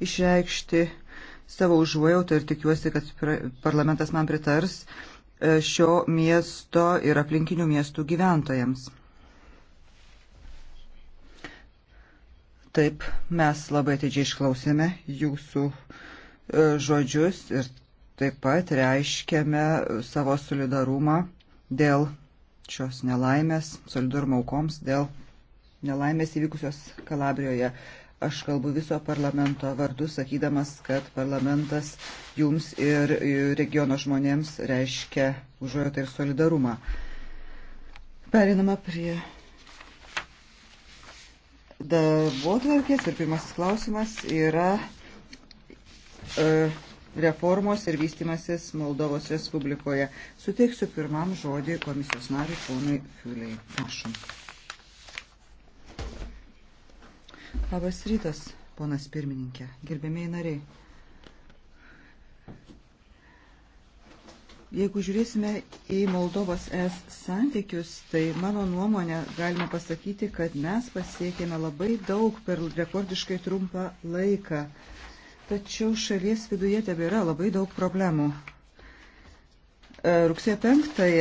išreikšti savo užuojautą ir tikiuosi, kad parlamentas man pritars e, šio miesto ir aplinkinių miestų gyventojams. Taip, mes labai atidžiai išklausėme jūsų e, žodžius ir taip pat reiškiame savo solidarumą dėl šios nelaimės, solidarumo aukoms dėl nelaimės įvykusios Kalabrijoje. Aš kalbu viso parlamento vardu, sakydamas, kad parlamentas jums ir regiono žmonėms reiškia užuojotą ir solidarumą. Perinama prie darbo tvarkės ir pirmasis klausimas yra e, reformos ir vystimasis Moldovos Respublikoje. Suteiksiu pirmam žodį komisijos nariui ponui Fiuliai. Prašom. Labas rytas, ponas pirmininkė, gerbėmiai nariai. Jeigu žiūrėsime į Moldovos es santykius, tai mano nuomonė galime pasakyti, kad mes pasiekėme labai daug per rekordiškai trumpą laiką. Tačiau šalies viduje tebėra labai daug problemų. E, rugsėjo 5 e,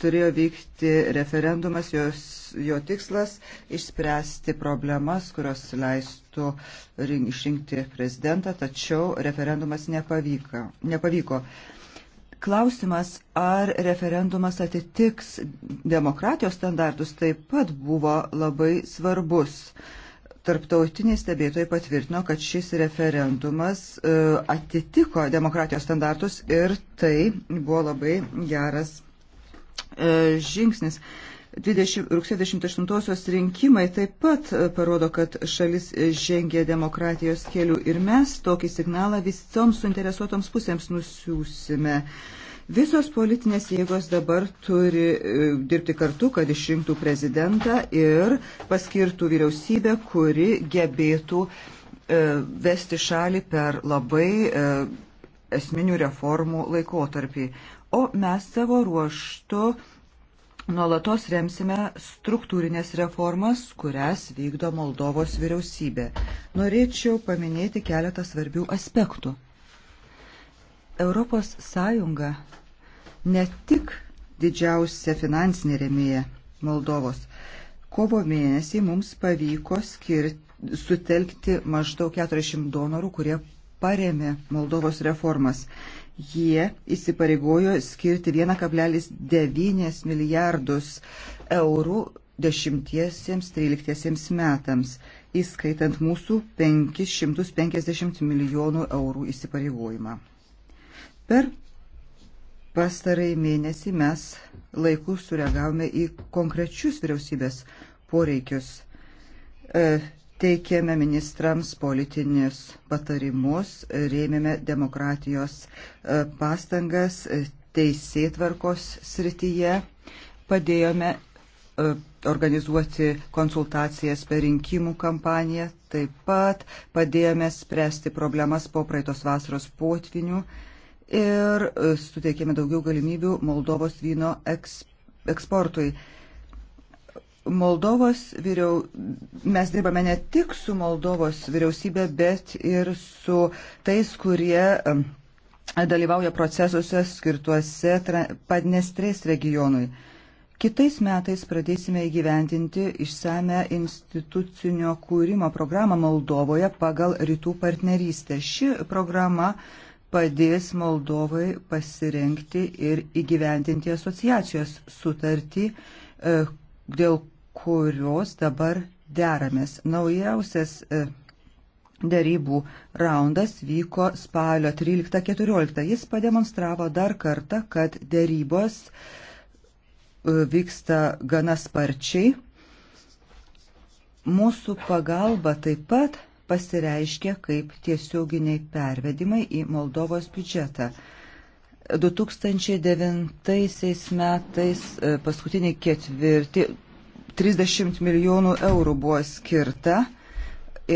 turėjo vykti referendumas, jos, jo tikslas išspręsti problemas, kurios leistų ring, išrinkti prezidentą, tačiau referendumas nepavyko. nepavyko. Klausimas, ar referendumas atitiks demokratijos standartus, taip pat buvo labai svarbus. Uh, Tarptautiniai stebėtojai patvirtino, kad šis referendumas e, atitiko demokratijos standartus ir tai buvo labai geras e, žingsnis. 20, rugsėjo 28-osios rinkimai taip pat e, parodo, kad šalis žengė demokratijos keliu ir mes tokį signalą visoms suinteresuotoms pusėms nusiūsime. Uh, Visos politinės jėgos dabar turi e, dirbti kartu, kad išrinktų prezidentą ir paskirtų vyriausybę, kuri gebėtų e, vesti šalį per labai e, esminių reformų laikotarpį. O mes savo ruoštų nuolatos remsime struktūrinės reformas, kurias vykdo Moldovos vyriausybė. Norėčiau paminėti keletą svarbių aspektų. Europos Sąjunga ne tik didžiausia finansinė remėja Moldovos. Kovo mėnesį mums pavyko skirti, sutelkti maždaug 40 donorų, kurie paremė Moldovos reformas. Jie įsipareigojo skirti 1,9 milijardus eurų 10-13 metams, įskaitant mūsų 550 milijonų eurų įsipareigojimą. Per pastarai mėnesį mes laiku sureagavome į konkrečius vyriausybės poreikius. E, teikėme ministrams politinius patarimus, rėmėme demokratijos e, pastangas e, teisėtvarkos srityje, padėjome organizuoti konsultacijas per rinkimų kampaniją, taip pat padėjome spręsti problemas po praeitos vasaros potvinių ir e, suteikėme daugiau galimybių Moldovos vyno eks, eksportui. Moldovos vyriau, mes dirbame ne tik su Moldovos vyriausybė, bet ir su tais, kurie e, dalyvauja procesuose skirtuose Padnestrės regionui. Kitais metais pradėsime įgyvendinti išsame institucinio kūrimo programą Moldovoje pagal rytų partnerystę. Ši programa uh, padės Moldovai pasirenkti ir įgyvendinti asociacijos sutartį, e, dėl kurios dabar deramės. Naujausias e, darybų raundas vyko spalio 13-14. Jis pademonstravo dar kartą, kad darybos e, vyksta gana sparčiai. Mūsų pagalba taip pat pasireiškia kaip tiesioginiai pervedimai į Moldovos biudžetą. 2009 metais e, paskutinį ketvirtį 30 milijonų eurų buvo skirta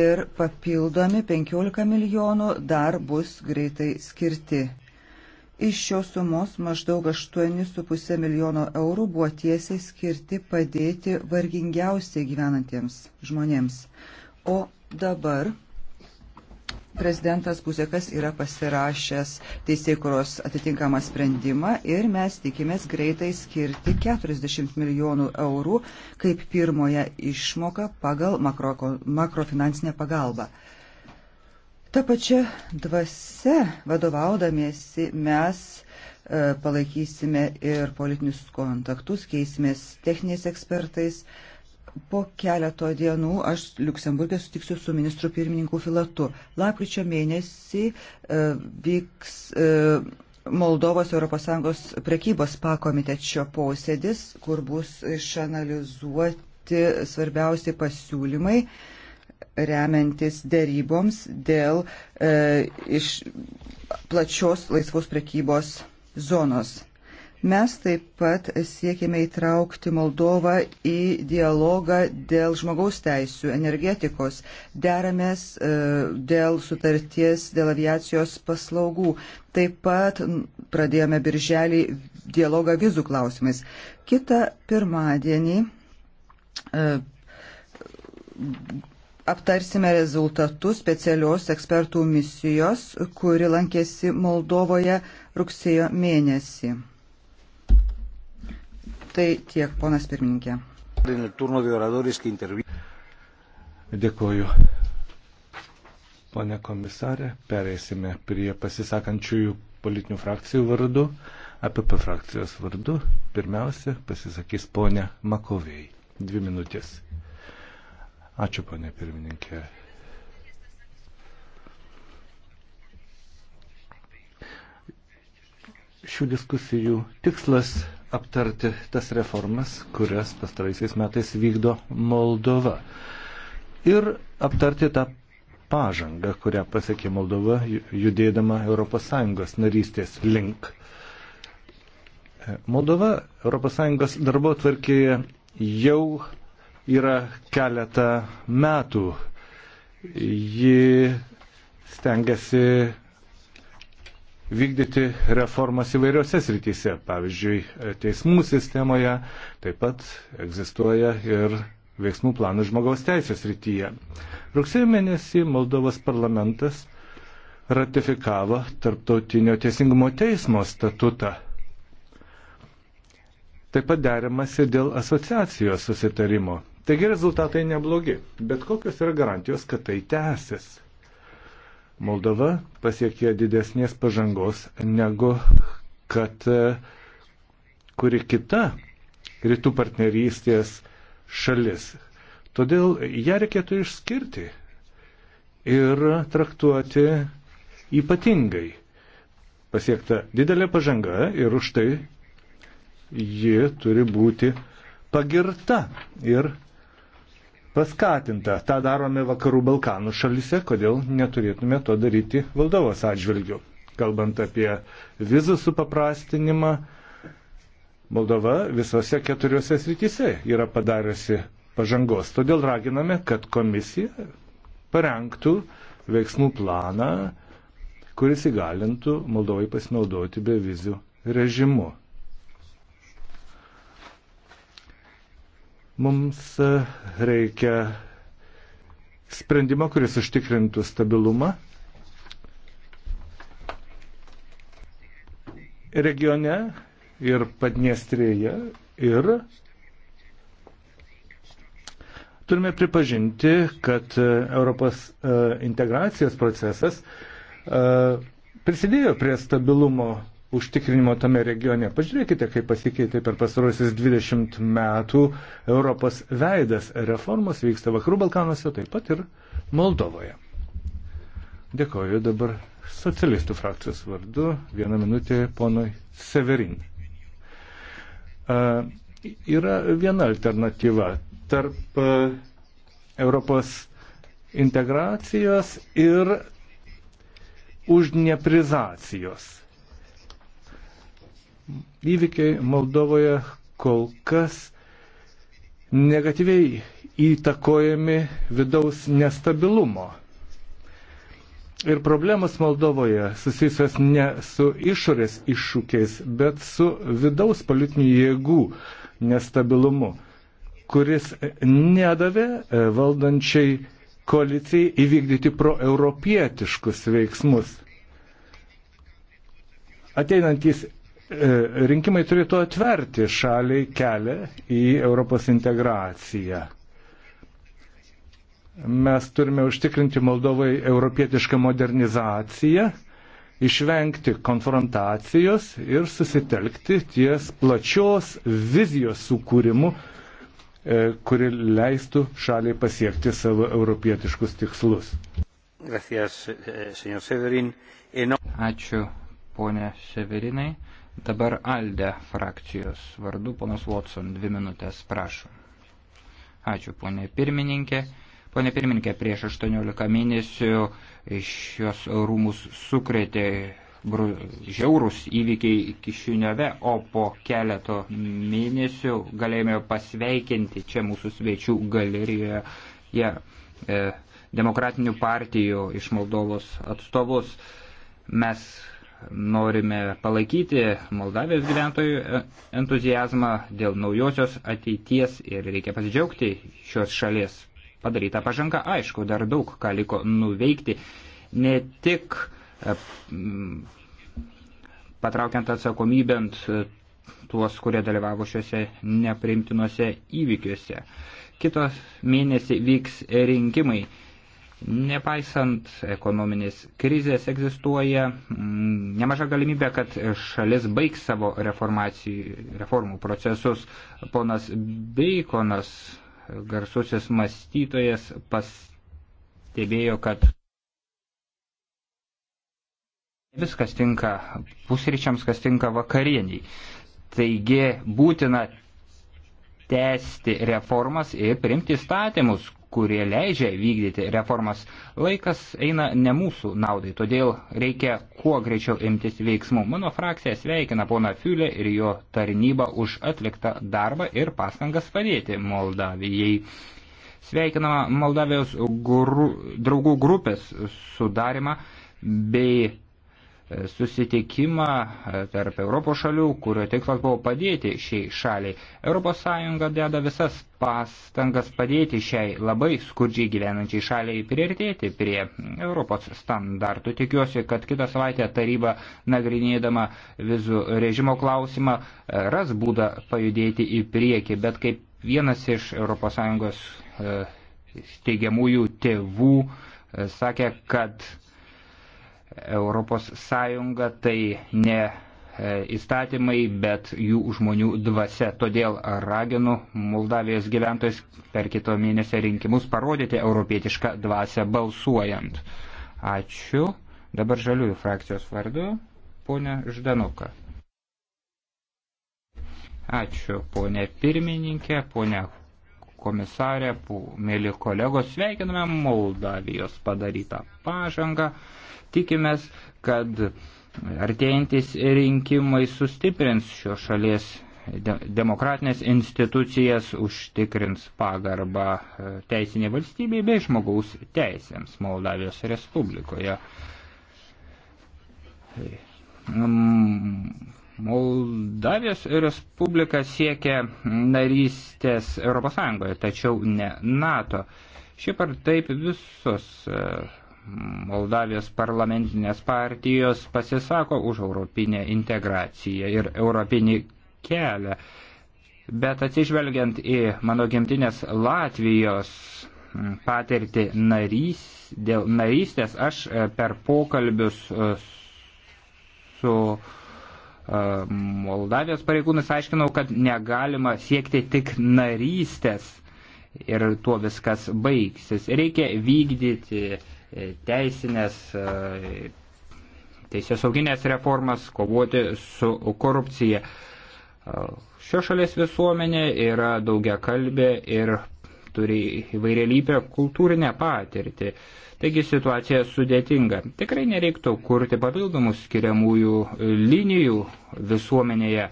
ir papildomi 15 milijonų dar bus greitai skirti. Iš šios sumos maždaug 8,5 milijono eurų buvo tiesiai skirti padėti vargingiausiai gyvenantiems žmonėms, o Dabar prezidentas Buzekas yra pasirašęs teisėkuros atitinkamą sprendimą ir mes tikimės greitai skirti 40 milijonų eurų kaip pirmoje išmoka pagal makro, makrofinansinę pagalbą. Ta pačia dvasia vadovaudamiesi mes e, palaikysime ir politinius kontaktus, keisimės techniniais ekspertais, Po keleto dienų aš Luksemburgė sutiksiu su ministru pirmininku Filatu. Lapkričio mėnesį e, vyks e, Moldovos ES prekybos pakomitečio posėdis, kur bus išanalizuoti svarbiausi pasiūlymai remiantis dėryboms dėl e, iš plačios laisvos prekybos zonos. Mes taip pat siekime įtraukti Moldovą į dialogą dėl žmogaus teisų, energetikos, deramės e, dėl sutarties, dėl aviacijos paslaugų. Taip pat pradėjome birželį dialogą vizų klausimais. Kita pirmadienį e, aptarsime rezultatus specialios ekspertų misijos, kuri lankėsi Moldovoje rugsėjo mėnesį. Tai tiek, ponas pirmininkė. Dėkuoju. Pane komisarė, pereisime prie pasisakančiųjų politinių frakcijų vardu. APP frakcijos vardu pirmiausia pasisakys ponė Makovėjai. Dvi minutės. Ačiū, ponė pirmininkė. Šių diskusijų tikslas aptarti tas reformas, kurias pastaraisiais metais vykdo Moldova. Ir aptarti tą pažangą, kurią pasiekė Moldova judėdama ES narystės link. Moldova ES darbo tvarkėje jau yra keletą metų. Ji stengiasi vykdyti reformas įvairiose srityse, pavyzdžiui, teismų sistemoje, taip pat egzistuoja ir veiksmų planas žmogaus teisės srityje. Rugsėjo mėnesį Moldovos parlamentas ratifikavo Tarptautinio teisingumo teismo statutą. Taip pat derimasi dėl asociacijos susitarimo. Taigi rezultatai neblogi, bet kokios yra garantijos, kad tai tęsis. Moldova pasiekė didesnės pažangos negu kad e, kuri kita rytų partnerystės šalis. Todėl ją reikėtų išskirti ir traktuoti ypatingai. Pasiekta didelė pažanga ir už tai ji turi būti pagirta ir paskatinta. Ta darome vakarų Balkanų šalise, kodėl neturėtume to daryti valdovos atžvilgiu. Kalbant apie vizų supaprastinimą, Moldova visose keturiose srityse yra padariusi pažangos. Todėl raginame, kad komisija parengtų veiksmų planą, kuris įgalintų Moldovai pasinaudoti be vizų režimu. Mums e, reikia sprendimo, kuris užtikrintų stabilumą regione ir Padniestrėje ir turime pripažinti, kad e, Europos e, integracijos procesas prisidėjo prie stabilumo užtikrinimo tame regione. Pažiūrėkite, kaip pasikeitė per pastarosius 20 metų Europos veidas. Reformos vyksta Vakarų Balkanuose, taip pat ir Moldovoje. Dėkoju dabar socialistų frakcijos vardu. Vieną minutę ponui Severin. Uh, yra viena alternatyva tarp uh, Europos integracijos ir uždnieprizacijos įvykiai Moldovoje kol kas negatyviai įtakojami vidaus nestabilumo. Ir problemas Moldovoje susijusios ne su išorės iššūkiais, bet su vidaus politinių jėgų nestabilumu, kuris nedavė e, valdančiai koalicijai įvykdyti proeuropietiškus veiksmus. Ateinantys E, rinkimai turėtų atverti šaliai kelią į Europos integraciją. Mes turime užtikrinti Moldovai europietišką modernizaciją, išvengti konfrontacijos ir susitelkti ties plačios vizijos sukūrimu, e, kuri leistų šaliai pasiekti savo europietiškus tikslus. Gracias, eh, Ačiū, ponė Severinai. Dabar Alde frakcijos vardu, ponas Watson, dvi minutės, prašom. Ačiū, ponė pirmininkė. Pone pirmininkė, prieš 18 mėnesių šios rūmus sukrėtė žiaurūs įvykiai Kišiniove, o po keleto mėnesių galėjome pasveikinti čia mūsų svečių galerijoje ja, e, demokratinių partijų iš Moldovos atstovus. Mes norime palaikyti Moldavijos gyventojų entuzijazmą dėl naujosios ateities ir reikia pasidžiaugti šios šalies padarytą pažangą. Aišku, dar daug ką liko nuveikti, ne tik e, patraukiant atsakomybent tuos, kurie dalyvavo šiuose nepriimtinuose įvykiuose. Kitos mėnesį vyks rinkimai. Nepaisant ekonominės krizės egzistuoja mm, nemaža galimybė, kad šalis baigs savo reformų procesus. Ponas Beikonas, garsusis mąstytojas, pastebėjo, kad viskas tinka pusryčiams, kas tinka vakarieniai. Taigi būtina tęsti reformas ir primti įstatymus, kurie leidžia vykdyti reformas, laikas eina ne mūsų naudai, todėl reikia kuo greičiau imtis veiksmų. Mano frakcija sveikina poną Fiulę ir jo tarnybą už atliktą darbą ir pastangas padėti Moldavijai. Sveikinama Moldavijos gru, draugų grupės sudarimą bei susitikimą e, tarp Europos šalių, kurio tikslas buvo padėti šiai šaliai. ES deda visas pastangas padėti šiai labai skurdžiai gyvenančiai šaliai priartėti prie Europos standartų. Tikiuosi, kad kitą savaitę taryba nagrinėdama vizų režimo klausimą ras būdą pajudėti į priekį, bet kaip vienas iš ES e, teigiamųjų tėvų e, sakė, kad Europos Sąjunga tai ne e, įstatymai, bet jų žmonių dvasia. Todėl raginu Moldavijos gyventojus per kito mėnesio rinkimus parodyti europietišką dvasę balsuojant. Ačiū. Dabar žaliųjų frakcijos vardu ponė Ždanuka. Ačiū ponė pirmininkė, ponė komisarė, mėly kolegos, sveikiname Moldavijos padarytą pažangą. Tikimės, kad artėjantis rinkimai sustiprins šios šalies demokratinės institucijas, užtikrins pagarbą e, teisinė valstybė bei žmogaus teisėms Moldavijos Respublikoje Moldavijos Respublika siekia narystės ES, tačiau ne NATO. Šiaip ar taip visos e, Moldavijos parlamentinės partijos pasisako už europinę integraciją ir europinį kelią. Bet atsižvelgiant į mano gimtinės Latvijos patirtį narys, dėl narystės, aš e, per pokalbius e, su Moldavijos pareigūnus aiškinau, kad negalima siekti tik narystės ir tuo viskas baigsis. Reikia vykdyti e, teisinės, e, teisės sauginės reformas, kovoti su korupcija. Šio šalies visuomenė yra daugia kalbė ir turi įvairialypę kultūrinę patirtį. Taigi situacija sudėtinga. Tikrai nereiktų kurti papildomų skiriamųjų linijų visuomenėje,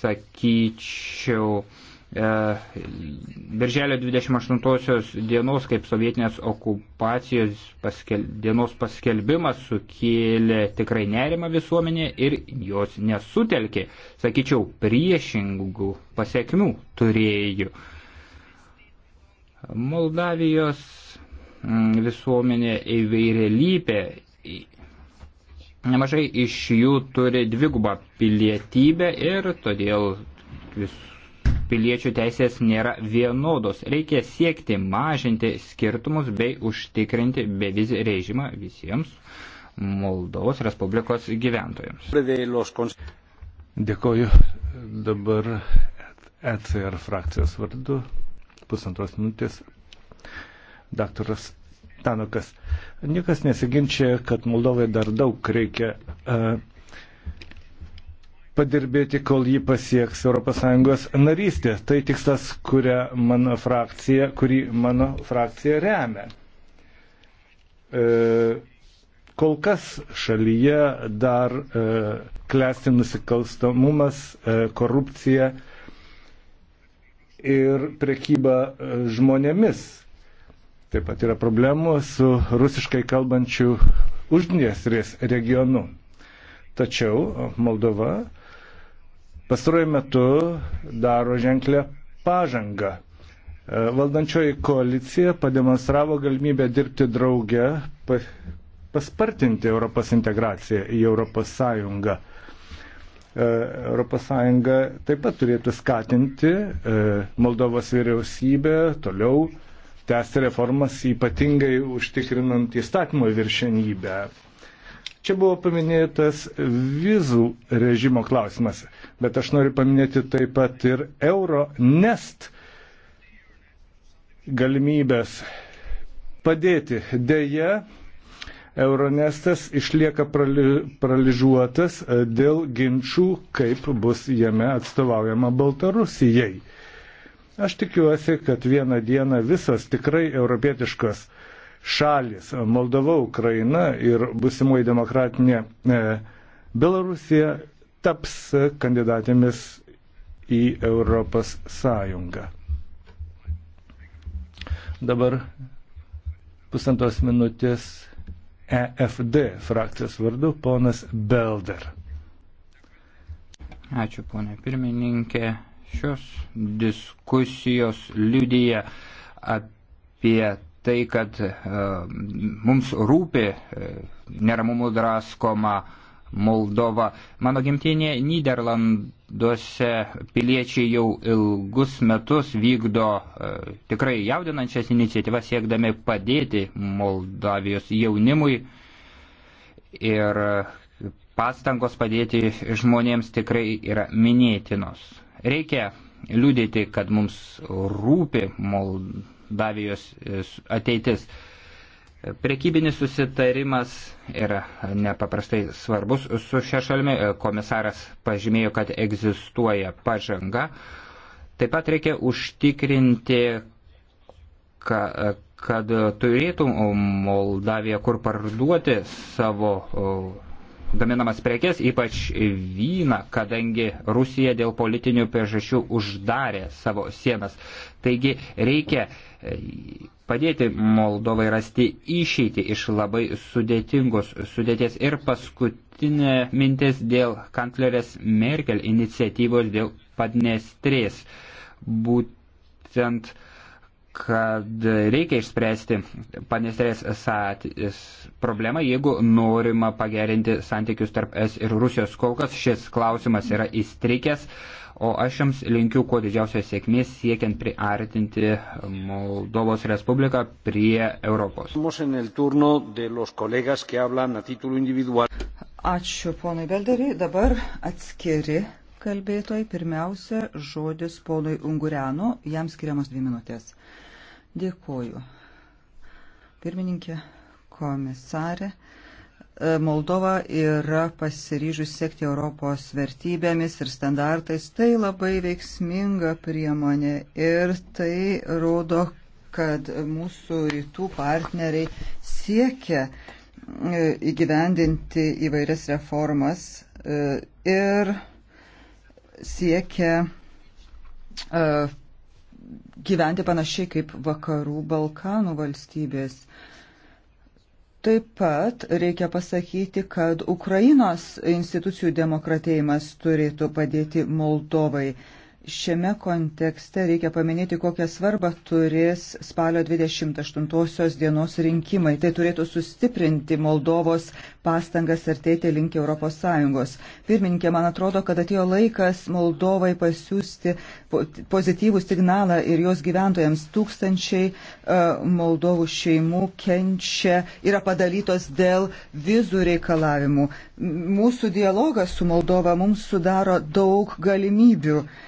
sakyčiau. E, Birželio 28 dienos, kaip sovietinės okupacijos paskel, dienos paskelbimas sukėlė tikrai nerimą visuomenė ir jos nesutelkė, sakyčiau, priešingų pasiekmių turėjų. Moldavijos Mm, visuomenė įvairialypė. Nemažai iš jų turi dvigubą pilietybę ir todėl vis, piliečių teisės nėra vienodos. Reikia siekti mažinti skirtumus bei užtikrinti bevizį režimą visiems Moldovos Respublikos gyventojams. Dėkoju dabar ECR frakcijos vardu. Pusantros minutės daktaras Tanukas. Niekas nesiginčia, kad Moldovai dar daug reikia uh, padirbėti, kol jį pasieks ES narystė. Tai tikslas, mano frakcija, kurį mano frakcija remia. Uh, kol kas šalyje dar e, klesti nusikalstamumas, e, korupcija ir prekyba e, žmonėmis. Taip pat yra problemų su rusiškai kalbančių uždniestrės regionu. Tačiau Moldova pastaruoju metu daro ženklę pažangą. E, valdančioji koalicija pademonstravo galimybę dirbti drauge, paspartinti Europos integraciją į Europos Sąjungą. E, Europos Sąjunga taip pat turėtų skatinti e, Moldovos vyriausybę toliau tęsti reformas, ypatingai užtikrinant įstatymo viršenybę. Čia buvo paminėtas vizų režimo klausimas, bet aš noriu paminėti taip pat ir Euronest galimybės padėti. Deja, Euronestas išlieka prali, praližuotas e, dėl ginčių, kaip bus jame atstovaujama Baltarusijai. Aš tikiuosi, kad vieną dieną visos tikrai europietiškos šalis - Moldova, Ukraina ir busimoji demokratinė e, Belarusija - taps kandidatėmis į Europos Sąjungą. Dabar pusantos minutės EFD frakcijos vardu ponas Belder. Ačiū, ponė pirmininkė. Šios diskusijos liudyje apie tai, kad e, mums rūpi e, neramumų draskoma Moldova. Mano gimtinė Niderlanduose piliečiai jau ilgus metus vykdo e, tikrai jaudinančias iniciatyvas siekdami padėti Moldavijos jaunimui ir pastangos padėti žmonėms tikrai yra minėtinos. Reikia liūdėti, kad mums rūpi Moldavijos e, ateitis. Prekybinis susitarimas yra nepaprastai svarbus su šia šalimi. E, komisaras pažymėjo, kad egzistuoja pažanga. Taip pat reikia užtikrinti, kad turėtų Moldavija kur parduoti savo gaminamas prekes, ypač vyną, kadangi Rusija dėl politinių priežasčių uždarė savo sienas. Taigi reikia e, padėti Moldovai rasti išeitį iš labai sudėtingos sudėties. Ir paskutinė mintis dėl kanclerės Merkel iniciatyvos dėl Padnestrės. Būtent uh, kad reikia išspręsti panestrės problemą, jeigu norima pagerinti santykius tarp Es ir Rusijos. Kol kas šis klausimas yra įstrikęs, o aš jums linkiu kuo didžiausios sėkmės siekiant priartinti Moldovos Respubliką prie Europos. Ačiū ponui Belderiui. Dabar atskiri kalbėtojai. Pirmiausia, žodis ponui Unguriano, jam skiriamas dvi minutės. Dėkoju. Pirmininkė, komisarė. E, Moldova yra pasiryžus sekti Europos vertybėmis ir standartais. Tai labai veiksminga priemonė ir tai rodo, kad mūsų rytų partneriai siekia e, įgyvendinti įvairias reformas e, ir siekia e, gyventi panašiai kaip vakarų Balkanų valstybės. Taip pat reikia pasakyti, kad Ukrainos institucijų demokratėjimas turėtų padėti Moldovai. Šiame kontekste reikia paminėti, kokią svarbą turės spalio 28 dienos rinkimai. Tai turėtų sustiprinti Moldovos pastangas artėti link ES. Pirmininkė, man atrodo, kad atėjo laikas Moldovai pasiūsti pozityvų signalą ir jos gyventojams. Tūkstančiai uh, Moldovų šeimų kenčia, yra padalytos dėl vizų reikalavimų. Mūsų dialogas su Moldova mums sudaro daug galimybių. Uh,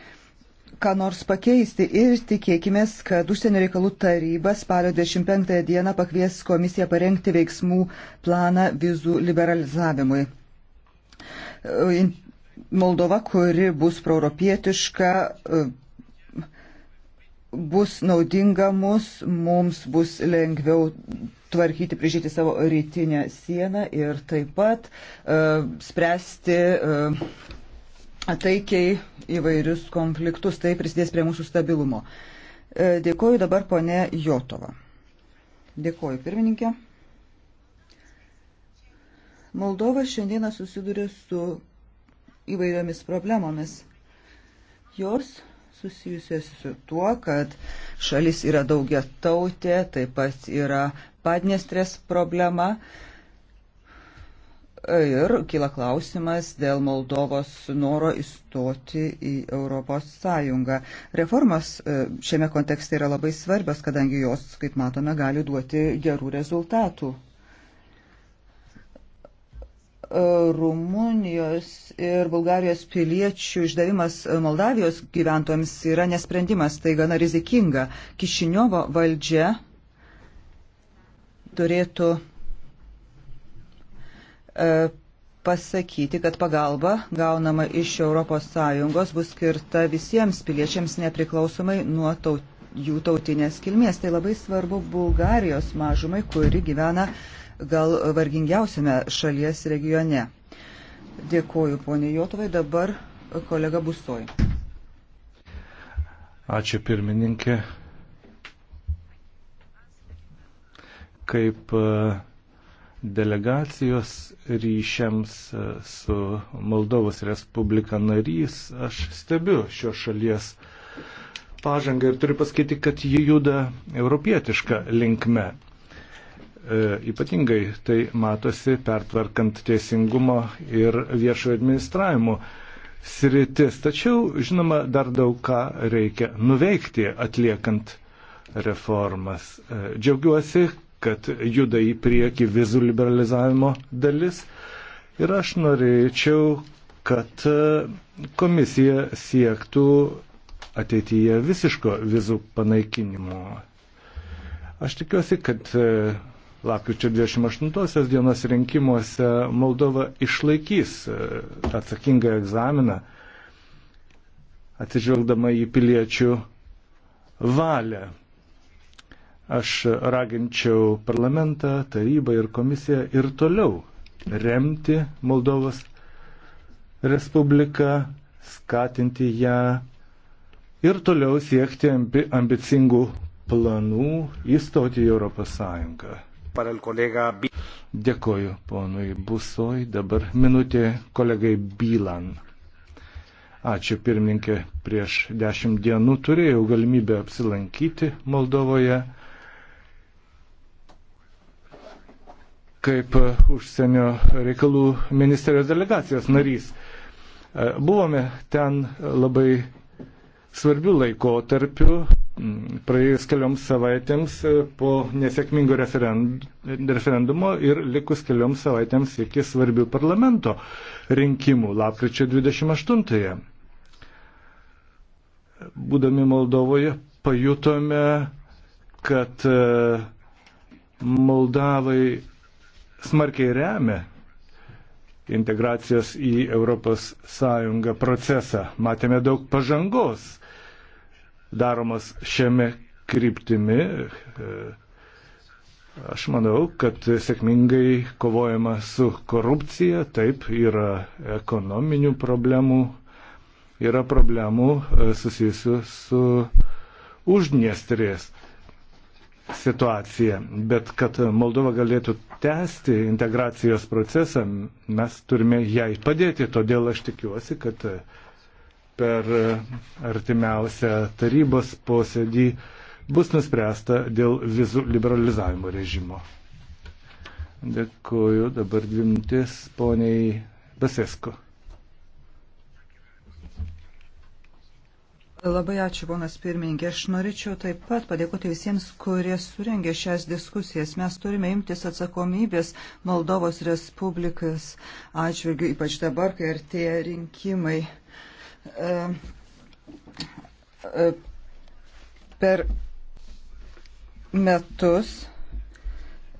ką nors pakeisti ir tikėkime, kad užsienio reikalų taryba spalio 25 dieną pakvies komisiją parengti veiksmų planą vizų liberalizavimui. Moldova, kuri bus proeuropietiška, bus naudinga mus, mums bus lengviau tvarkyti, prižiūrėti savo rytinę sieną ir taip pat uh, spręsti uh, taikiai įvairius konfliktus, tai prisidės prie mūsų stabilumo. E, dėkoju dabar ponė Jotova. Dėkoju pirmininkė. Moldova šiandieną susiduria su įvairiomis problemomis. Jos susijusios su tuo, kad šalis yra daugia tautė, taip pat yra padnestrės problema. Uh, ir kyla klausimas dėl Moldovos noro įstoti į Europos Sąjungą. Reformos e, šiame kontekste yra labai svarbios, kadangi jos, kaip matome, gali duoti gerų rezultatų. E, Rumunijos ir Bulgarijos piliečių išdavimas Moldavijos gyventojams yra nesprendimas, tai gana rizikinga. Kišiniovo valdžia turėtų E, pasakyti, kad pagalba gaunama iš ES bus skirta visiems piliečiams nepriklausomai nuo taut, jų tautinės kilmės. Tai labai svarbu Bulgarijos mažumai, kuri gyvena gal vargingiausiame šalies regione. Dėkuoju, ponė Jotovai, dabar kolega Busoj. Ačiū pirmininkė. Kaip uh delegacijos ryšiams e, su Moldovos Respublika narys, aš stebiu šios šalies pažangą ir turiu pasakyti, kad ji juda europietišką linkme. E, ypatingai tai matosi pertvarkant teisingumo ir viešojo administravimo sritis. Tačiau, žinoma, dar daug ką reikia nuveikti atliekant reformas. E, džiaugiuosi, kad juda į priekį vizų liberalizavimo dalis. Ir aš norėčiau, kad e, komisija siektų ateityje visiško vizų panaikinimo. Aš tikiuosi, kad e, lapkričio 28 dienos rinkimuose Moldova išlaikys e, atsakingą egzaminą, atsižvelgdama į piliečių valią. Aš raginčiau parlamentą, tarybą ir komisiją ir toliau remti Moldovos Respubliką, skatinti ją ir toliau siekti ambicingų planų įstoti į Europos Sąjungą. Dėkoju ponui Busoj, dabar minutė kolegai Bylan. Ačiū pirmininkė, prieš dešimt dienų turėjau galimybę apsilankyti Moldovoje. kaip e, užsienio reikalų ministerijos delegacijos narys. E, buvome ten labai svarbių laikotarpių, praėjus kelioms savaitėms e, po nesėkmingo referendumo ir likus kelioms savaitėms iki svarbių parlamento rinkimų lapkričio 28-ąją. Būdami Moldovoje pajutome, kad Moldavai smarkiai remia integracijos į ES procesą. Matėme daug pažangos daromas šiame kryptimi. Aš manau, kad sėkmingai kovojama su korupcija, taip yra ekonominių problemų, yra problemų e, susijusių su uždniestrės situacija. Bet kad Moldova galėtų tęsti integracijos procesą, mes turime jai padėti. Todėl aš tikiuosi, kad per artimiausią tarybos posėdį bus nuspręsta dėl vizų liberalizavimo režimo. Dėkuoju, dabar dvi mintis poniai Besesko. Labai ačiū, ponas pirmininkė. Aš norėčiau taip pat padėkoti visiems, kurie surengė šias diskusijas. Mes turime imtis atsakomybės Moldovos Respublikas atžvilgių, ypač dabar, kai artėja rinkimai. E, e, per metus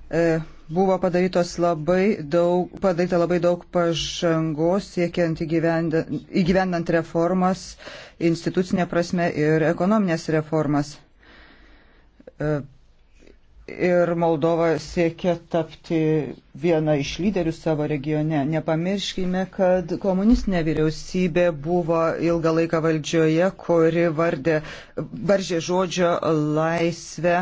e, Buvo padarytos labai daug, padaryta labai daug pažangos siekiant įgyvendant reformas, institucinė prasme ir ekonominės reformas. E, ir Moldova siekia tapti viena iš lyderių savo regione. Nepamirškime, kad komunistinė vyriausybė buvo ilgą laiką valdžioje, kuri vardė, varžė žodžio laisvę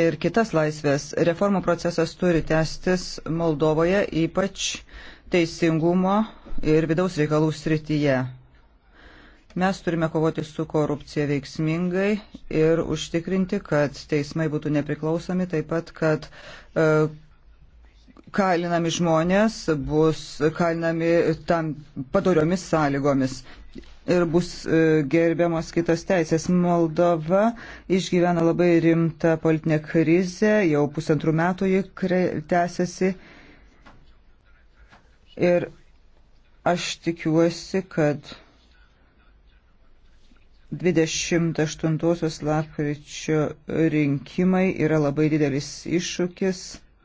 ir kitas laisvės. Reformų procesas turi tęstis Moldovoje, ypač teisingumo ir vidaus reikalų srityje. Mes turime kovoti su korupcija veiksmingai ir užtikrinti, kad teismai būtų nepriklausomi, taip pat, kad e, kalinami žmonės bus kalinami tam padoriomis sąlygomis ir bus e, gerbiamos kitos teisės. Moldova išgyvena labai rimtą politinę krizę, jau pusantrų metų ji tęsiasi. Ir aš tikiuosi, kad 28 lapkričio rinkimai yra labai didelis iššūkis,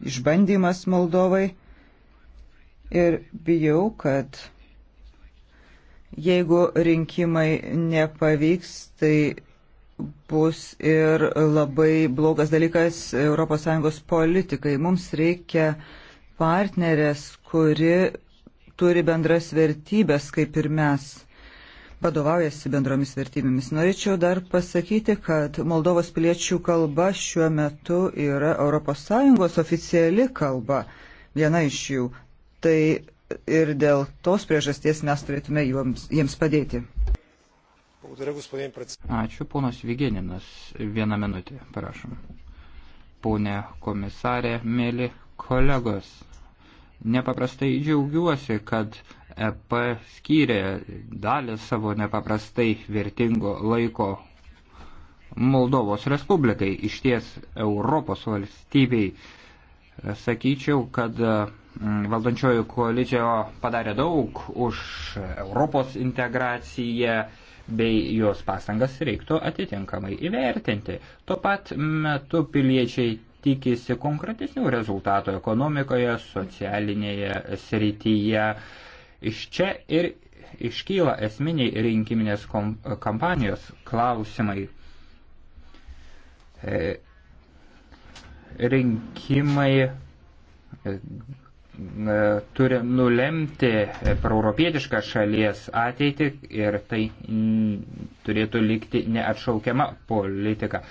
išbandymas Moldovai. Ir bijau, kad Jeigu rinkimai nepavyks, tai bus ir labai blogas dalykas ES politikai. Mums reikia partnerės, kuri turi bendras vertybės, kaip ir mes vadovaujasi bendromis vertybėmis. Norėčiau dar pasakyti, kad Moldovos piliečių kalba šiuo metu yra ES oficiali kalba, viena iš jų. Tai ir dėl tos priežasties mes turėtume joms, jiems padėti. Ačiū, ponas Vigeninas. Vieną minutę, prašom. Pone komisarė, mėly kolegos, nepaprastai džiaugiuosi, kad EP skyrė dalį savo nepaprastai vertingo laiko Moldovos Respublikai, išties Europos valstybei. Sakyčiau, kad Mm, valdančioji koalicija padarė daug už Europos integraciją bei jos pastangas reiktų atitinkamai įvertinti. Tuo pat metu piliečiai tikisi konkretesnių rezultatų ekonomikoje, socialinėje srityje. Iš čia ir iškyla esminiai rinkiminės kampanijos klausimai. E, rinkimai E, turi nulemti e, proeuropietišką šalies ateitį ir tai turėtų likti neatšaukiama politika.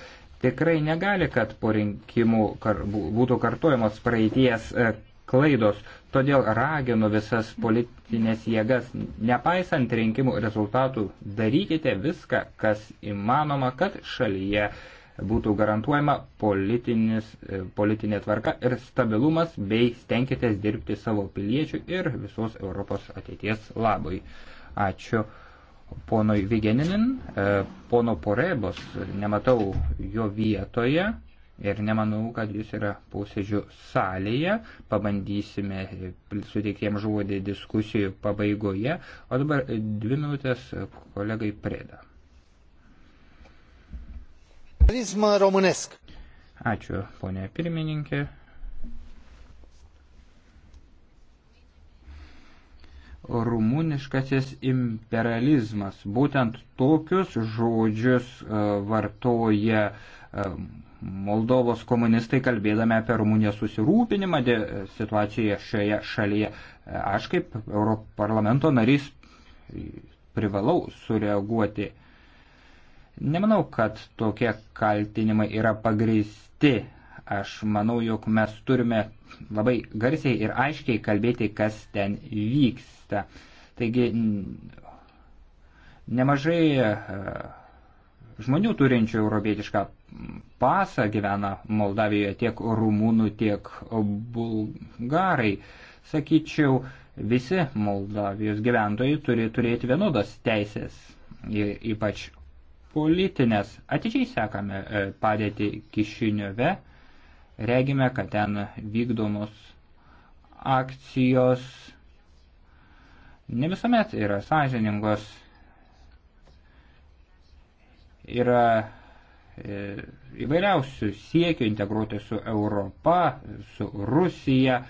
Tikrai negali, kad po rinkimų kar, būtų kartuojamos praeities e, klaidos, todėl raginu visas politinės jėgas, nepaisant rinkimų rezultatų, darykite viską, kas įmanoma, kad šalyje uh, būtų garantuojama e, politinė tvarka ir stabilumas, bei stenkitės dirbti savo piliečių ir visos Europos ateities labui. Ačiū ponoj Vigeninin, e, pono Porebos nematau jo vietoje ir nemanau, kad jis yra posėdžių salėje. Pabandysime e, suteikti jam žodį diskusijų pabaigoje. O dabar dvi minutės kolegai Prėda. Turizmą românesc. Ačiū, ponė pirmininkė. Rumuniškasis imperializmas. Būtent tokius žodžius e, vartoja e, Moldovos komunistai kalbėdami apie Rumunijos susirūpinimą e, situaciją šioje šalyje. Aš kaip Europarlamento narys privalau sureaguoti. Nemanau, kad tokie kaltinimai yra pagristi. Aš manau, jog mes turime labai garsiai ir aiškiai kalbėti, kas ten vyksta. Taigi nemažai e, žmonių turinčių europietišką pasą gyvena Moldavijoje tiek rumūnų, tiek bulgarai. Sakyčiau, visi Moldavijos gyventojai turi turėti vienodas teisės, ypač politinės. Atidžiai sekame e, padėti Kišiniove, regime, kad ten vykdomos akcijos ne visuomet yra sąžiningos, yra e, įvairiausių siekių integruoti su Europa, su Rusija,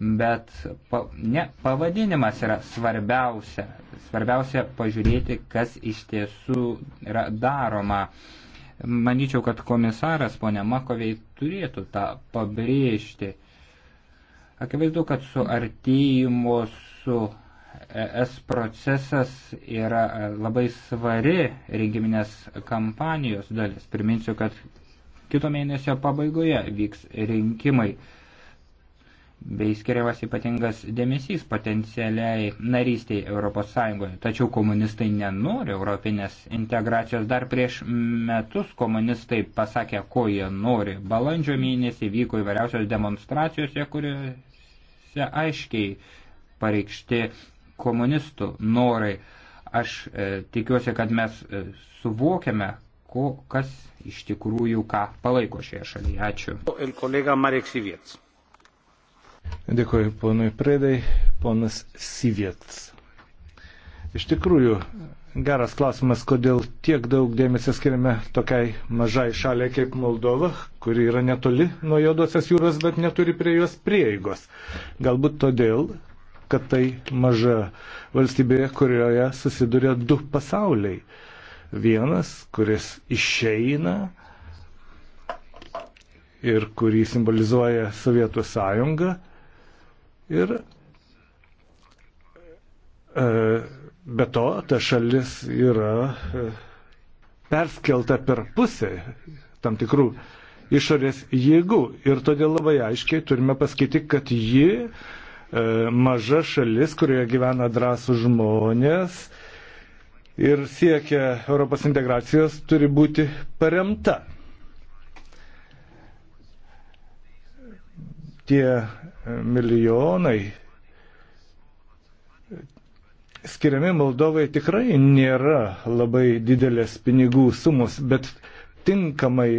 bet pa, ne, pavadinimas yra svarbiausia. Svarbiausia pažiūrėti, kas iš tiesų yra daroma. Manyčiau, kad komisaras ponia Makoviai turėtų tą pabrėžti. Akivaizdu, kad suartėjimo su ES procesas yra labai svari rinkiminės kampanijos dalis. Priminsiu, kad kito mėnesio pabaigoje vyks rinkimai bei skiriamas ypatingas dėmesys potencialiai narystiai Europos Sąjungoje. Tačiau komunistai nenori europinės integracijos. Dar prieš metus komunistai pasakė, ko jie nori. Balandžio mėnesį vyko įvairiausios demonstracijos, kuriuose aiškiai pareikšti komunistų norai. Aš e, tikiuosi, kad mes e, suvokiame, ko, kas iš tikrųjų ką palaiko šioje šalyje. Ačiū. Dėkuoju ponui Predai, ponas Siviets. Iš tikrųjų, geras klausimas, kodėl tiek daug dėmesio skiriame tokiai mažai šaliai kaip Moldova, kuri yra netoli nuo Jodosios jūros, bet neturi prie jos prieigos. Galbūt todėl, kad tai maža valstybė, kurioje susiduria du pasauliai. Vienas, kuris išeina ir kurį simbolizuoja Sovietų sąjunga Ir e, be to, ta šalis yra e, perskelta per pusę tam tikrų išorės jėgų. Ir todėl labai aiškiai turime pasakyti, kad ji e, maža šalis, kurioje gyvena drąsų žmonės ir siekia Europos integracijos, turi būti paremta. tie e, milijonai skiriami Moldovai tikrai nėra labai didelės pinigų sumos, bet tinkamai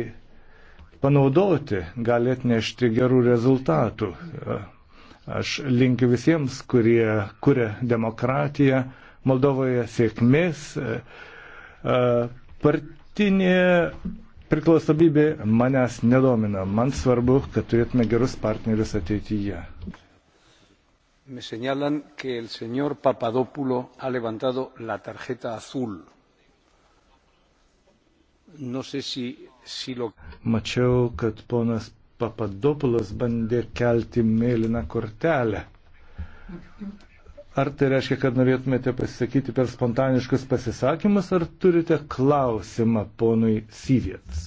panaudoti gali atnešti gerų rezultatų. E, aš linkiu visiems, kurie kuria demokratiją Moldovoje sėkmės. E, partinė Priklausomybė manęs nedomina. Man svarbu, kad turėtume gerus partnerius ateityje. Me señalan que el señor Papadopoulo ha levantado la tarjeta azul. No sé si, si lo... Mačiau, kad ponas Papadopoulos bandė kelti mėlyną kortelę. Ar tai reiškia, kad norėtumėte pasisakyti per spontaniškus pasisakymus, ar turite klausimą ponui Syvietas?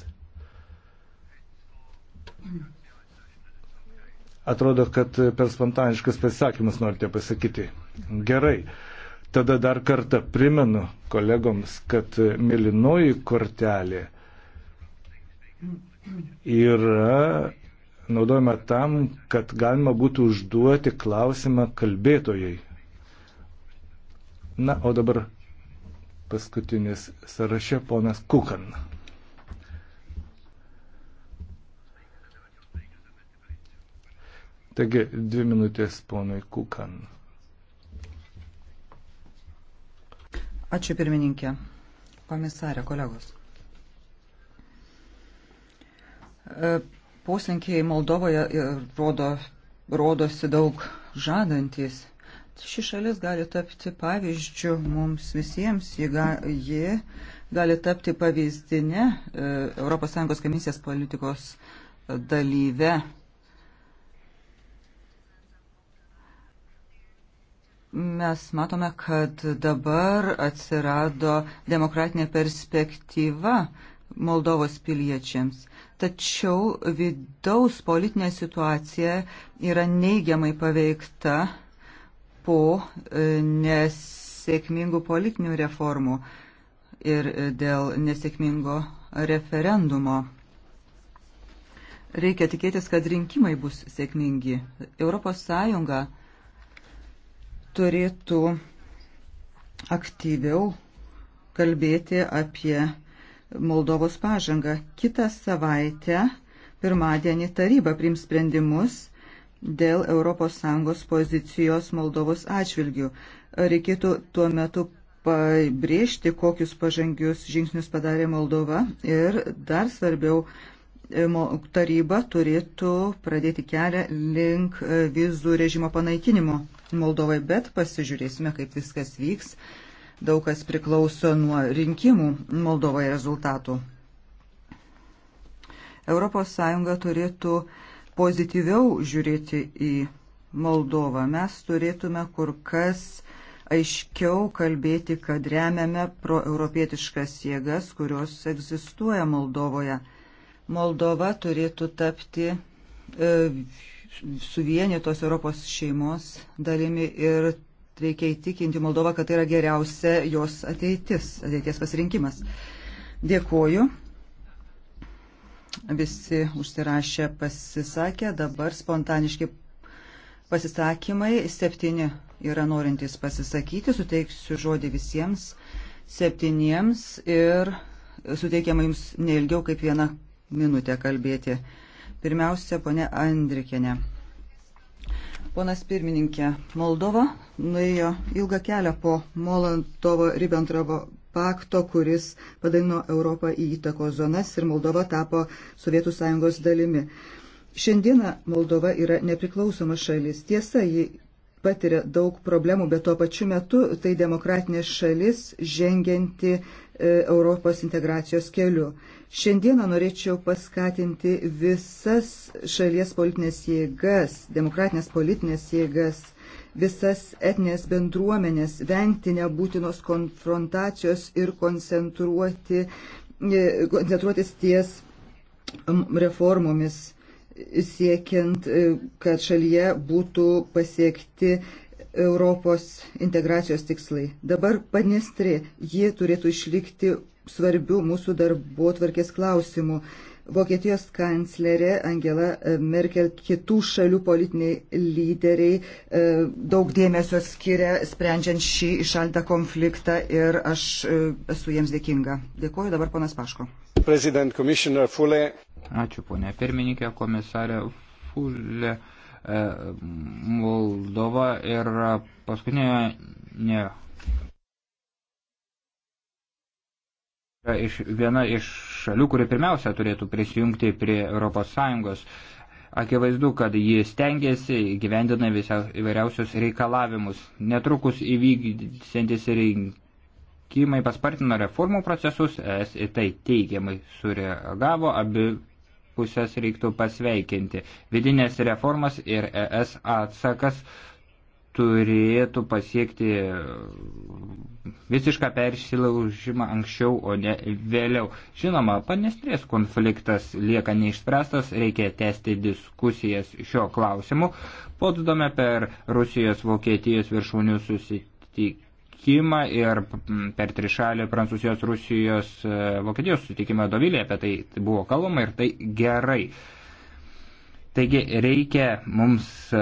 Atrodo, kad per spontaniškus pasisakymus norite pasakyti. Gerai. Tada dar kartą primenu kolegoms, kad milinoji kortelė yra naudojama tam, kad galima būtų užduoti klausimą kalbėtojai Na, o dabar paskutinis sąraše ponas Kukan. Taigi, dvi minutės ponui Kukan. Ačiū pirmininkė, komisarė, kolegos. E, poslinkiai Moldovoje e, rodo, rodosi daug žadantis ši šalis gali tapti pavyzdžių mums visiems, ji, ga, ji gali tapti pavyzdinė ES komisijos politikos e, dalyve. Mes matome, kad dabar atsirado demokratinė perspektyva Moldovos piliečiams. Tačiau vidaus politinė situacija yra neigiamai paveikta po e, nesėkmingų politinių reformų ir e, dėl nesėkmingo referendumo. Reikia tikėtis, kad rinkimai bus sėkmingi. ES turėtų aktyviau kalbėti apie Moldovos pažangą. Kitą savaitę, pirmadienį, taryba priims sprendimus dėl ES pozicijos Moldovos atžvilgių. Reikėtų tuo metu pabrėžti, kokius pažangius žingsnius padarė Moldova ir dar svarbiau, e, taryba turėtų pradėti kelią link e, vizų režimo panaikinimo Moldovai, bet pasižiūrėsime, kaip viskas vyks. Daug kas priklauso nuo rinkimų Moldovoje rezultatų. ES turėtų uh, pozityviau žiūrėti į Moldovą. Mes turėtume kur kas aiškiau kalbėti, kad remiame proeuropietiškas jėgas, kurios egzistuoja Moldovoje. Moldova turėtų tapti e, suvienytos Europos šeimos dalimi ir reikia įtikinti Moldovą, kad tai yra geriausia jos ateitis, ateities pasirinkimas. Dėkuoju. Visi užsirašę pasisakė, dabar spontaniški pasisakymai. Septyni yra norintys pasisakyti, suteiksiu žodį visiems septyniems ir suteikiama jums neilgiau kaip vieną minutę kalbėti. Pirmiausia, ponė Andrikienė. Ponas pirmininkė, Moldova nuėjo ilgą kelią po Molotovo Ribbentrovo pakto, kuris padaino Europą į įtako zonas ir Moldova tapo Sovietų sąjungos dalimi. Šiandieną Moldova yra nepriklausoma šalis. Tiesa, ji patiria daug problemų, bet tuo pačiu metu tai demokratinė šalis žengianti e, Europos integracijos keliu. Šiandieną norėčiau paskatinti visas šalies politinės jėgas, demokratinės politinės jėgas visas etinės bendruomenės, vengti nebūtinos konfrontacijos ir koncentruoti, e, koncentruotis ties reformomis, siekiant, e, kad šalyje būtų pasiekti Europos integracijos tikslai. Dabar Padnestrė, ji turėtų išlikti svarbių mūsų darbo tvarkės klausimų. Vokietijos kanclerė Angela e, Merkel, kitų šalių politiniai lyderiai e, daug dėmesio skiria sprendžiant šį išaltą konfliktą ir aš e, esu jiems dėkinga. Dėkuoju dabar ponas Paško. Ačiū ponė pirmininkė, komisarė Fulė. Moldova yra paskutinė ne, yra iš, viena iš šalių, kuri pirmiausia turėtų prisijungti prie ES. Akivaizdu, kad ji stengiasi, gyvendina įvairiausius reikalavimus. Netrukus įvykdysiantis rinkimai paspartino reformų procesus, es į tai teigiamai sureagavo, abi pusės reiktų pasveikinti. Vidinės reformas ir es atsakas uh, turėtų pasiekti visišką persilaužimą anksčiau, o ne vėliau. Žinoma, panestrės konfliktas lieka neišspręstas, reikia tęsti diskusijas šio klausimu. Potsdame per Rusijos-Vokietijos viršūnių susitikimą ir per trišalį Prancūzijos-Rusijos-Vokietijos susitikimą Dovilė apie tai buvo kalbama ir tai gerai. Taigi reikia mums uh,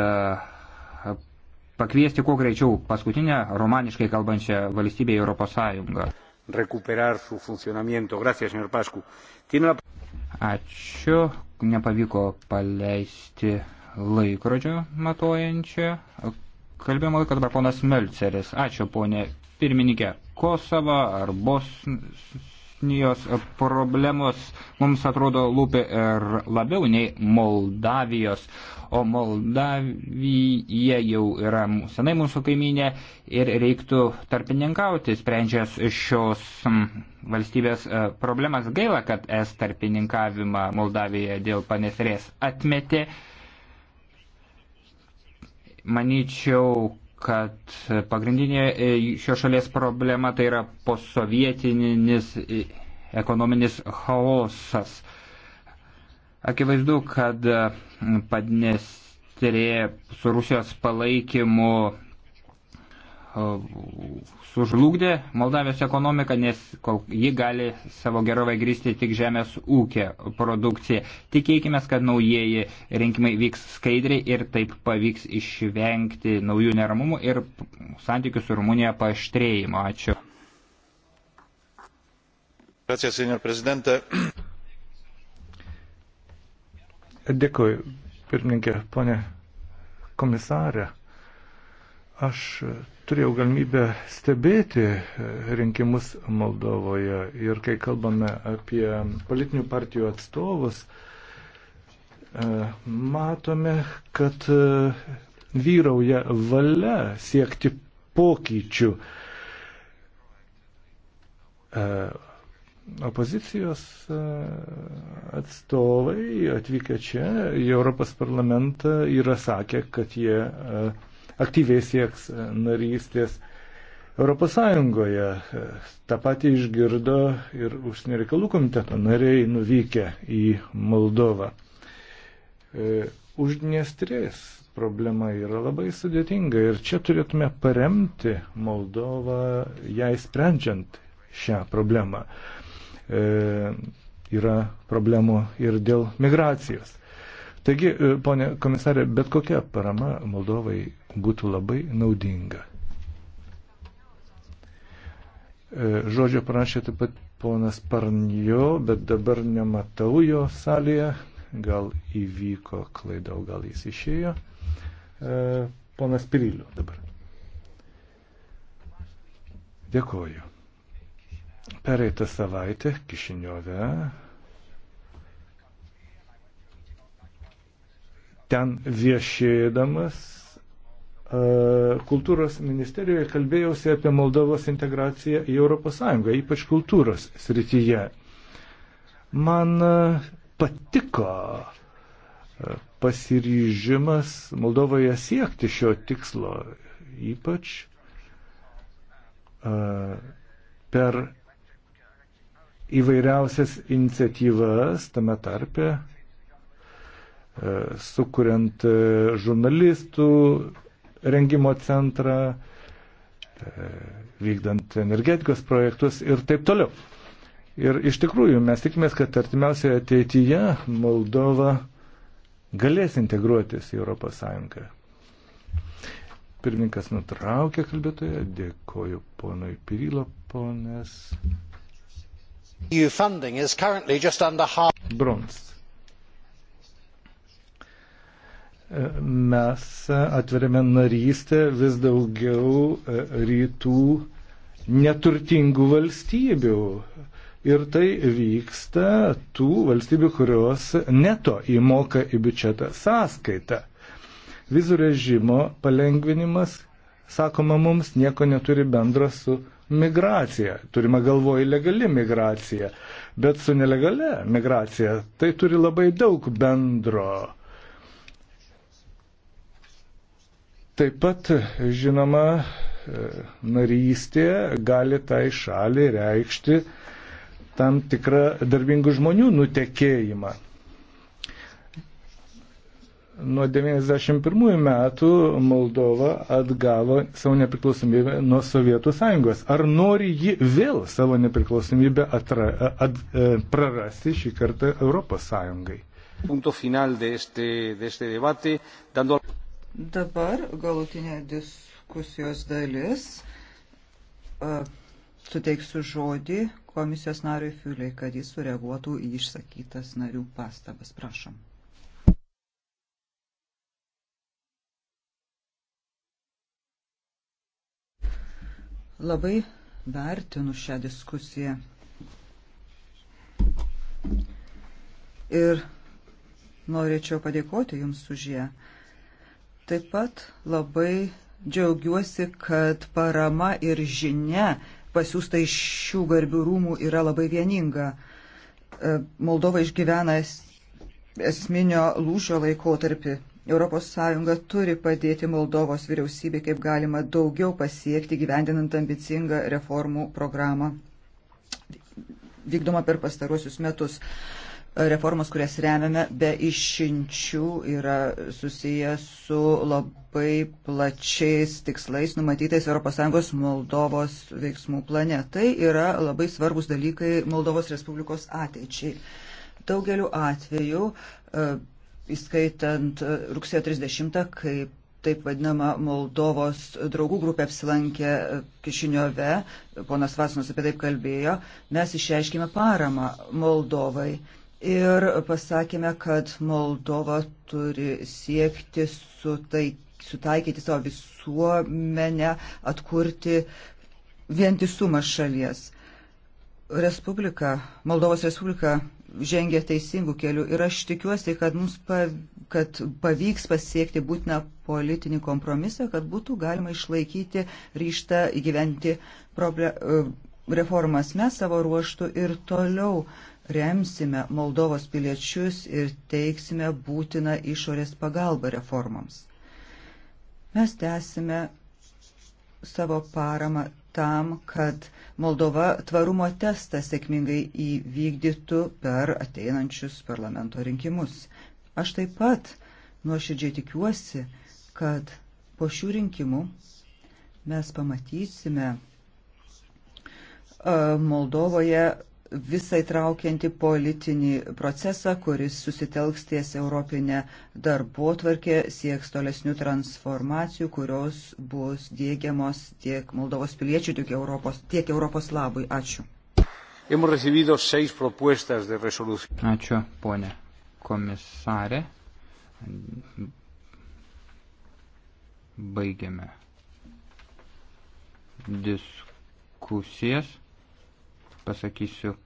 pakviesti kuo greičiau paskutinę romaniškai kalbančią valstybę į Europos Sąjungą. Recuperar su funcionamiento. Gracias, señor Pascu. Tiene la... Ačiū, nepavyko paleisti laikrodžio matuojančio. Kalbėjome laiką dabar ponas Melceris. Ačiū, ponė pirmininkė. Kosova ar Bosnijos Bosnijos problemos mums atrodo lūpi ir labiau nei Moldavijos, o Moldavija jau yra senai mūsų kaiminė ir reiktų tarpininkauti, sprendžias šios mm, valstybės e, problemas. Gaila, kad es tarpininkavimą Moldavija dėl panesrės atmetė. Manyčiau, kad pagrindinė e, šios šalies problema tai yra posovietinis e, ekonominis chaosas. Akivaizdu, kad Padnestrė su Rusijos palaikymu E, sužlugdė Moldavijos ekonomiką, nes ji gali savo gerovę grįsti tik žemės ūkio produkciją. Tikėkime, kad naujieji rinkimai vyks skaidriai ir taip pavyks išvengti naujų neramumų ir santykių su Rumunija paaštrėjimo. Ačiū. Gracias, señor presidente. Dėkui, pirmininkė, ponė komisarė. Aš turėjau galimybę stebėti e, rinkimus Moldovoje ir kai kalbame apie politinių partijų atstovus, e, matome, kad e, vyrauja valia siekti pokyčių. Opozicijos atstovai atvykę čia į Europos parlamentą yra sakę, kad jie aktyviai sieks e, narystės Europos Sąjungoje. E, Ta pati išgirdo ir užsienio reikalų komiteto nariai nuvykę į Moldovą. E, Uždniestrės problema yra labai sudėtinga ir čia turėtume paremti Moldovą, jai sprendžiant šią problemą. E, yra problemų ir dėl migracijos. Taigi, ponė komisarė, bet kokia parama Moldovai būtų labai naudinga. E, žodžio prašė taip pat ponas Parnjo, bet dabar nematau jo salėje. Gal įvyko klaida, o gal jis išėjo. E, ponas Piriliu dabar. Dėkoju. Pereitą savaitę Kišiniove ten viešėdamas E, kultūros ministerijoje kalbėjausi apie Moldovos integraciją į ES, ypač kultūros srityje. Man e, patiko e, pasiryžimas Moldovoje siekti šio tikslo, ypač per įvairiausias iniciatyvas tame tarpe, sukuriant žurnalistų rengimo centrą, e, vykdant energetikos projektus ir taip toliau. Ir iš tikrųjų mes tikimės, kad artimiausioje ateityje Moldova galės integruotis į ES. Pirmininkas nutraukė kalbėtoje, dėkoju ponui Pirylo, ponas. Brons. mes atveriame narystę vis daugiau e, rytų neturtingų valstybių. Ir tai vyksta tų valstybių, kurios neto įmoka į biudžetą sąskaitą. Vizų režimo palengvinimas, sakoma, mums nieko neturi bendra su migracija. Turime galvoje legali migracija, bet su nelegale migracija tai turi labai daug bendro. Taip pat, žinoma, narystė gali tai šaliai reikšti tam tikrą darbingų žmonių nutekėjimą. Nuo 1991 metų Moldova atgavo savo nepriklausomybę nuo Sovietų sąjungos. Ar nori ji vėl savo nepriklausomybę atra, at, e, prarasti šį kartą Europos sąjungai? Punto final de este, de este debate, dando... Dabar galutinė diskusijos dalis. Suteiksiu žodį komisijos nariui Fiuliai, kad jis sureaguotų į išsakytas narių pastabas. Prašom. Labai vertinu šią diskusiją. Ir norėčiau padėkoti Jums už ją. Taip pat labai džiaugiuosi, kad parama ir žinia pasiūsta iš šių garbių rūmų yra labai vieninga. E, Moldova išgyvena esminio lūšio laikotarpį. ES turi padėti Moldovos vyriausybei kaip galima daugiau pasiekti gyvendinant ambicingą reformų programą vykdoma per pastaruosius metus reformos, kurias remiame, be išinčių yra susijęs su labai plačiais tikslais numatytais ES Moldovos veiksmų plane. Tai yra labai svarbus dalykai Moldovos Respublikos ateičiai. Daugeliu atveju, e, įskaitant e, rugsėjo 30, kaip taip vadinama Moldovos draugų grupė apsilankė e, Kišiniove, ponas Vasinas apie taip kalbėjo, mes išreiškime paramą Moldovai ir pasakėme, kad Moldova turi siekti sutaik, sutaikyti savo visuomenę, atkurti vientisumą šalies. Respublika, Moldovos Respublika žengia teisingų kelių ir aš tikiuosi, kad mums pa, kad pavyks pasiekti būtiną politinį kompromisą, kad būtų galima išlaikyti ryštą įgyventi problem, e, reformas. Mes savo ruoštų ir toliau remsime Moldovos piliečius ir teiksime būtiną išorės pagalbą reformoms. Mes tęsime savo paramą tam, kad Moldova tvarumo testą sėkmingai įvykdytų per ateinančius parlamento rinkimus. Aš taip pat nuoširdžiai tikiuosi, kad po šių rinkimų mes pamatysime e, Moldovoje visai traukianti politinį procesą, kuris susitelks ties Europinė darbo tvarkė, sieks tolesnių transformacijų, kurios bus dėgiamos tiek Moldovos piliečių, tiek Europos, tiek Europos labui. Ačiū. Ačiū, ponė komisarė. Baigiame diskusijas pasakysiu